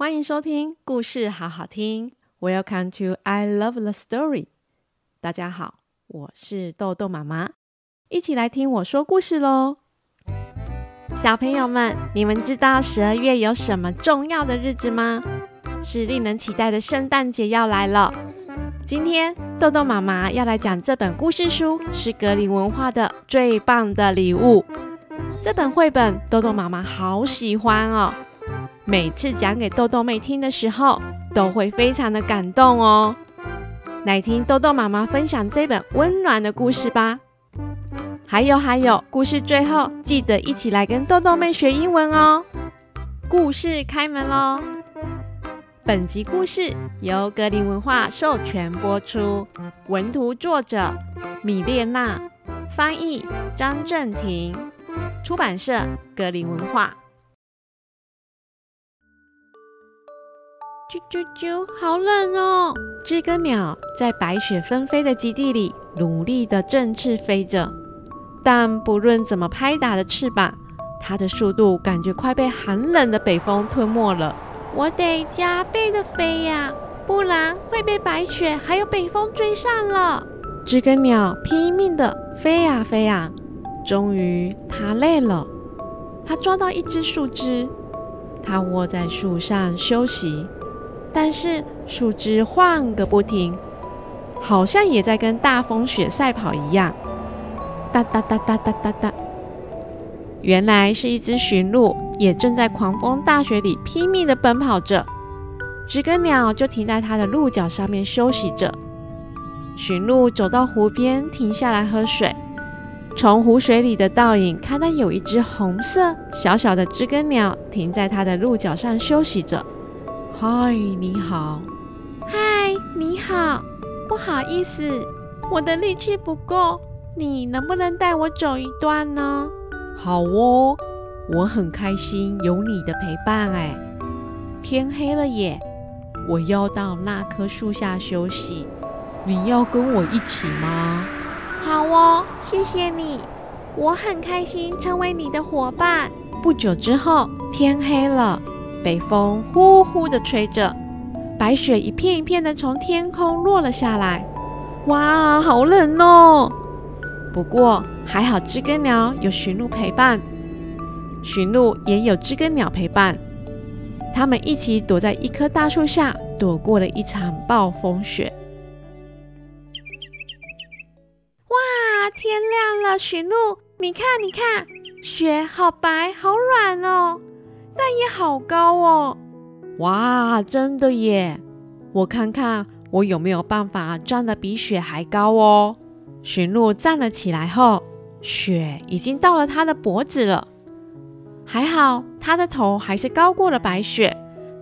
歡迎收聽故事好好聽。Welcome to I love the story。大家好，我是豆豆媽媽，一起來聽我說故事嘍。小朋友們，你們知道十二月有什麼重要的日子嗎？是令人期待的聖誕節要來了。今天豆豆媽媽要來講這本故事書，是格林文化的最棒的禮物。這本繪本豆豆媽媽好喜歡哦。每次講給豆豆妹聽的時候，都會非常的感動哦。來聽豆豆媽媽分享這本溫暖的故事吧。還有還有，故事最後記得一起來跟豆豆妹學英文哦。故事開門嘍！本集故事由格林文化授權播出，文圖作者米列娜，翻譯張政婷，出版社格林文化。啾啾啾！好冷哦！知更鳥在白雪紛飛的基地裡努力地振翅飛着，但不論怎麼拍打着翅膀，它的速度感覺快被寒冷的北風吞沒了。我得加倍的飛呀，不然會被白雪還有北風追上了。知更鳥拼命地飛呀飛呀，終於它累了，它抓到一根樹枝，它窩在樹上休息。但是樹枝晃個不停，好像也在跟大風雪賽跑一樣，噠噠噠噠噠噠噠。原來是一隻馴鹿，也正在狂風大雪裡拼命地奔跑着。知更鳥就停在它的鹿角上面休息着。馴鹿走到湖邊，停下來喝水，從湖水裡的倒影看到有一隻紅色小小的知更鳥停在它的鹿角上休息着。嗨，Hi, 你好。嗨，你好。不好意思，我的力氣不夠，你能不能帶我走一段呢？好哦，我很開心有你的陪伴。哎，天黑了耶，我要到那棵樹下休息。你要跟我一起嗎？好哦，謝謝你，我很開心成為你的夥伴。不久之後，天黑了。北風呼呼地吹着，白雪一片一片地從天空落了下來。哇，好冷哦！不過還好知更鳥有馴鹿陪伴，馴鹿也有知更鳥陪伴，他們一起躲在一棵大樹下，躲過了一場暴風雪。哇，天亮了，馴鹿，你看，你看，雪好白，好軟哦。但也好高哦，哇，真的耶！我看看我有沒有辦法站得比雪還高哦。馴鹿站了起來後，雪已經到了它的脖子了。還好它的頭還是高過了白雪，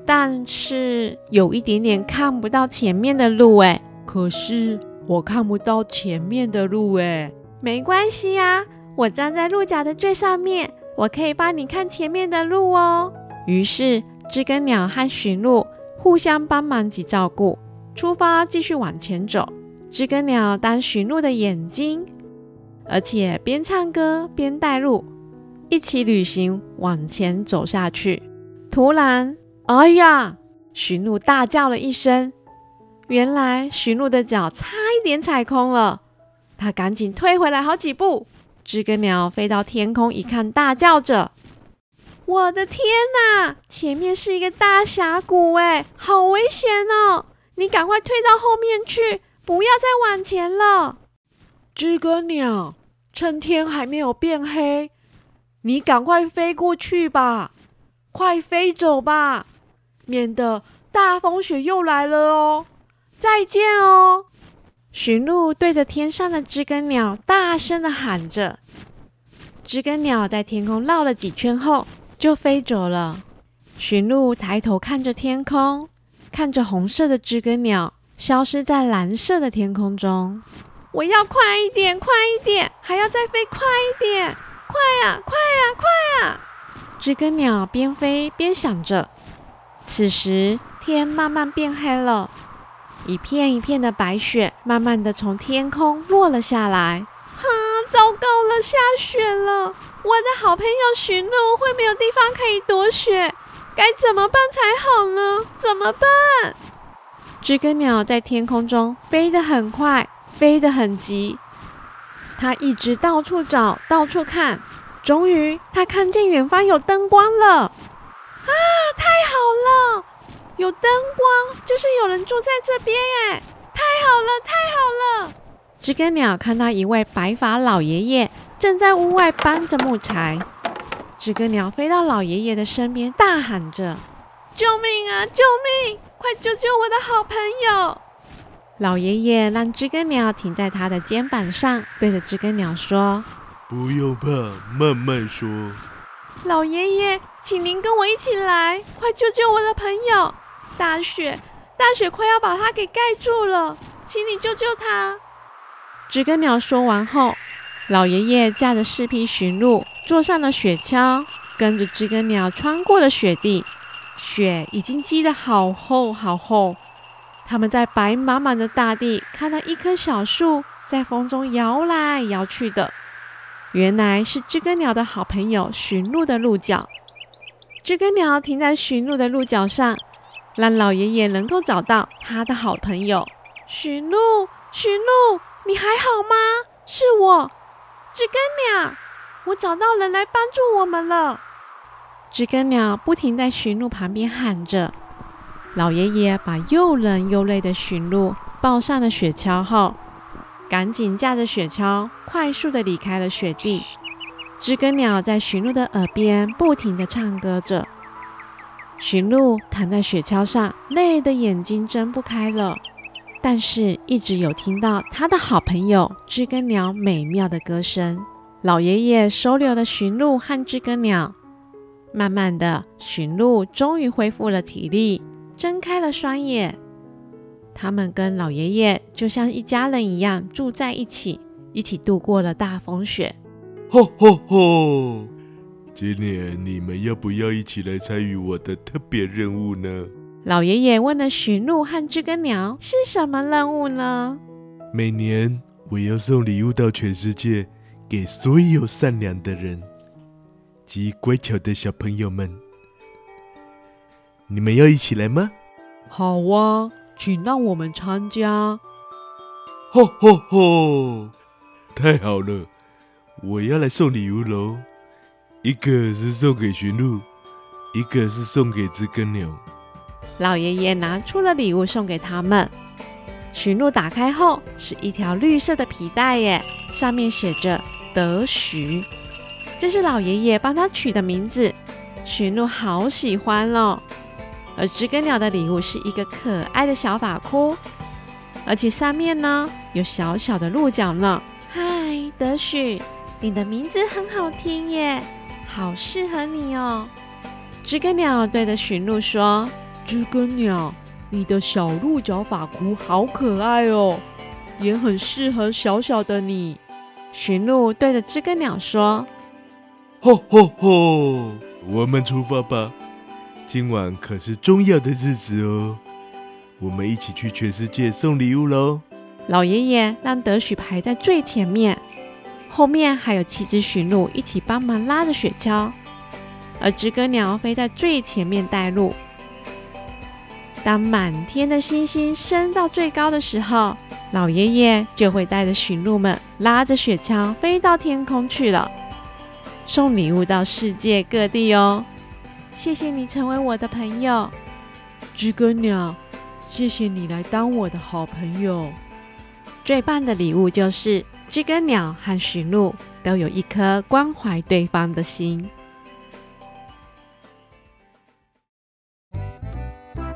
但是有一點點看不到前面的路耶。可是我看不到前面的路耶。沒關係呀，啊，我站在鹿角的最上面。我可以幫你看前面的路哦。於是知更鳥和馴鹿互相幫忙及照顧，出發繼續往前走。知更鳥當馴鹿的眼睛，而且邊唱歌邊帶路，一起旅行往前走下去。突然，哎呀！馴鹿大叫了一聲，原來馴鹿的腳差一點踩空了，它趕緊退回來好幾步。知更鳥飛到天空，一看，大叫着：“我的天吶！前面是一個大峽谷，哎，好危險哦！你趕快退到後面去，不要再往前了。”知更鳥，趁天還沒有變黑，你趕快飛過去吧，快飛走吧，免得大風雪又來了哦。再見哦。馴鹿對着天上的知更鳥大聲地喊着，知更鳥在天空繞了幾圈後就飛走了。馴鹿抬頭看着天空，看着紅色的知更鳥消失在藍色的天空中。我要快一點，快一點，還要再飛快一點，快啊，快啊，快啊！知更鳥邊飛邊想着。此時，天慢慢變黑了。一片一片的白雪慢慢地從天空落了下來。哈、啊，糟糕了，下雪了！我的好朋友馴鹿會沒有地方可以躲雪，該怎麼辦才好呢？怎麼辦？知更鳥在天空中飛得很快，飛得很急。它一直到處找，到處看。終於，它看見遠方有燈光了。有燈光，就是有人住在這邊哎！太好了，太好了！知更鳥看到一位白髮老爺爺正在屋外搬着木柴，知更鳥飛到老爺爺的身邊，大喊着：“救命啊！救命！快救救我的好朋友！”老爺爺讓知更鳥停在他的肩膀上，對着知更鳥說：“不用怕，慢慢說。”老爺爺，請您跟我一起來，快救救我的朋友！大雪，大雪快要把它給蓋住了，請你救救它。知更鳥說完後，老爺爺駕着四匹馴鹿，坐上了雪橇，跟着知更鳥穿過了雪地。雪已經積得好厚好厚。他們在白茫茫的大地看到一棵小樹在風中搖來搖去的，原來是知更鳥的好朋友馴鹿的鹿角。知更鳥停在馴鹿的鹿角上。讓老爺爺能夠找到他的好朋友。馴鹿，馴鹿，你還好嗎？是我，知更鳥，我找到人來幫助我們了。知更鳥不停在馴鹿旁邊喊着。老爺爺把又冷又累的馴鹿抱上了雪橇後，趕緊駕着雪橇快速地離開了雪地。知更鳥在馴鹿的耳邊不停地唱歌着。馴鹿躺在雪橇上，累得眼睛睜不開了，但是，一直有聽到他的好朋友知更鳥美妙的歌聲。老爺爺收留了馴鹿和知更鳥。慢慢的，馴鹿終於恢復了體力，睜開了雙眼。他們跟老爺爺就像一家人一樣住在一起，一起度過了大風雪。吼吼吼！今年你們要不要一起來參與我的特別任務呢？老爺爺問了馴鹿和知更鳥。是什麼任務呢？每年我要送禮物到全世界，給所有善良的人及乖巧的小朋友們。你們要一起來嗎？好啊，請讓我們參加！吼吼吼！太好了，我要來送禮物嘍！一個是送給馴鹿，一個是送給知更鳥。老爺爺拿出了禮物送給他們。馴鹿打開後是一條綠色的皮帶耶，上面寫着“德許”，這是老爺爺幫他取的名字。馴鹿好喜歡哦！而知更鳥的禮物是一個可愛的小髮箍，而且上面呢有小小的鹿角呢。嗨，德許，你的名字很好聽耶。好適合你哦，知更鳥對着馴鹿說：“知更鳥，你的小鹿角髮箍好可愛哦，也很適合小小的你。”馴鹿對着知更鳥說：“吼吼吼，我們出發吧！今晚可是重要的日子哦，我們一起去全世界送禮物嘍！”老爺爺讓德許排在最前面。後面還有七隻馴鹿一起幫忙拉着雪橇，而知更鳥飛在最前面帶路。當滿天的星星升到最高的時候，老爺爺就會帶着馴鹿們拉着雪橇飛到天空去了，送禮物到世界各地哦。謝謝你成為我的朋友，知更鳥，謝謝你來當我的好朋友。最棒的禮物就是。知更鳥和馴鹿都有一顆關懷對方的心。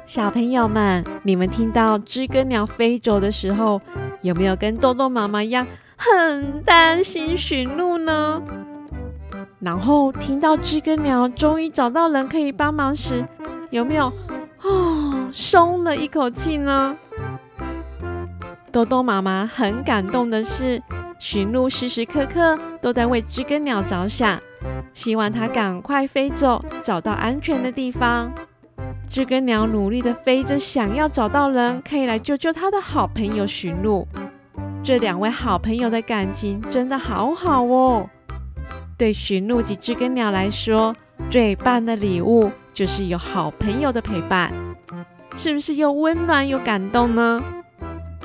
小朋友們，你們聽到知更鳥飛走的時候，有沒有跟荳荳媽媽一樣很擔心馴鹿呢？然後聽到知更鳥終於找到人可以幫忙時，有沒有啊、哦、鬆了一口氣呢？荳荳媽媽很感動的是，馴鹿時時刻刻都在為知更鳥着想，希望它趕快飛走，找到安全的地方。知更鳥努力地飛着，想要找到人可以來救救它的好朋友馴鹿。這兩位好朋友的感情真的好好哦！對馴鹿及知更鳥來說，最棒的禮物就是有好朋友的陪伴，是不是又溫暖又感動呢？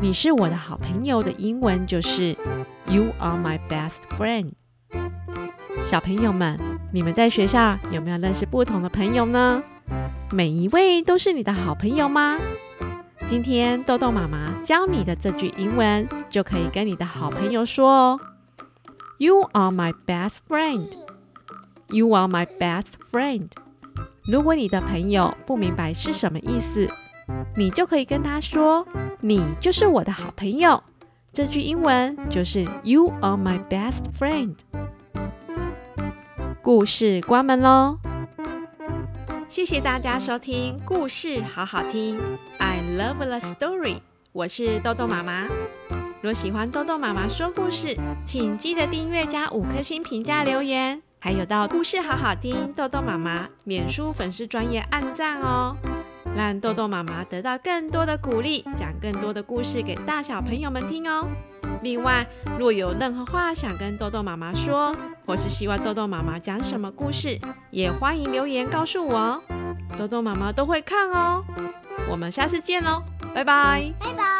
你是我的好朋友的英文就是 "You are my best friend"。小朋友們，你們在學校有沒有認識不同的朋友呢？每一位都是你的好朋友嗎？今天豆豆媽媽教你的這句英文就可以跟你的好朋友說哦。"You are my best friend." "You are my best friend." 如果你的朋友不明白是什麼意思，你就可以跟他說：“你就是我的好朋友。”這句英文就是 “You are my best friend”。故事關門嘍，謝謝大家收聽故事好好聽。I love the story。我是豆豆媽媽。若喜歡豆豆媽媽說故事，請記得訂閱加五顆星評價留言，還有到故事好好聽豆豆媽媽臉書粉絲專頁按讚哦。讓豆豆媽媽得到更多的鼓勵，講更多的故事給大小朋友們聽哦。另外，若有任何話想跟豆豆媽媽說，或是希望豆豆媽媽講什麼故事，也歡迎留言告訴我哦。豆豆媽媽都會看哦。我們下次見嘍，拜拜。拜拜。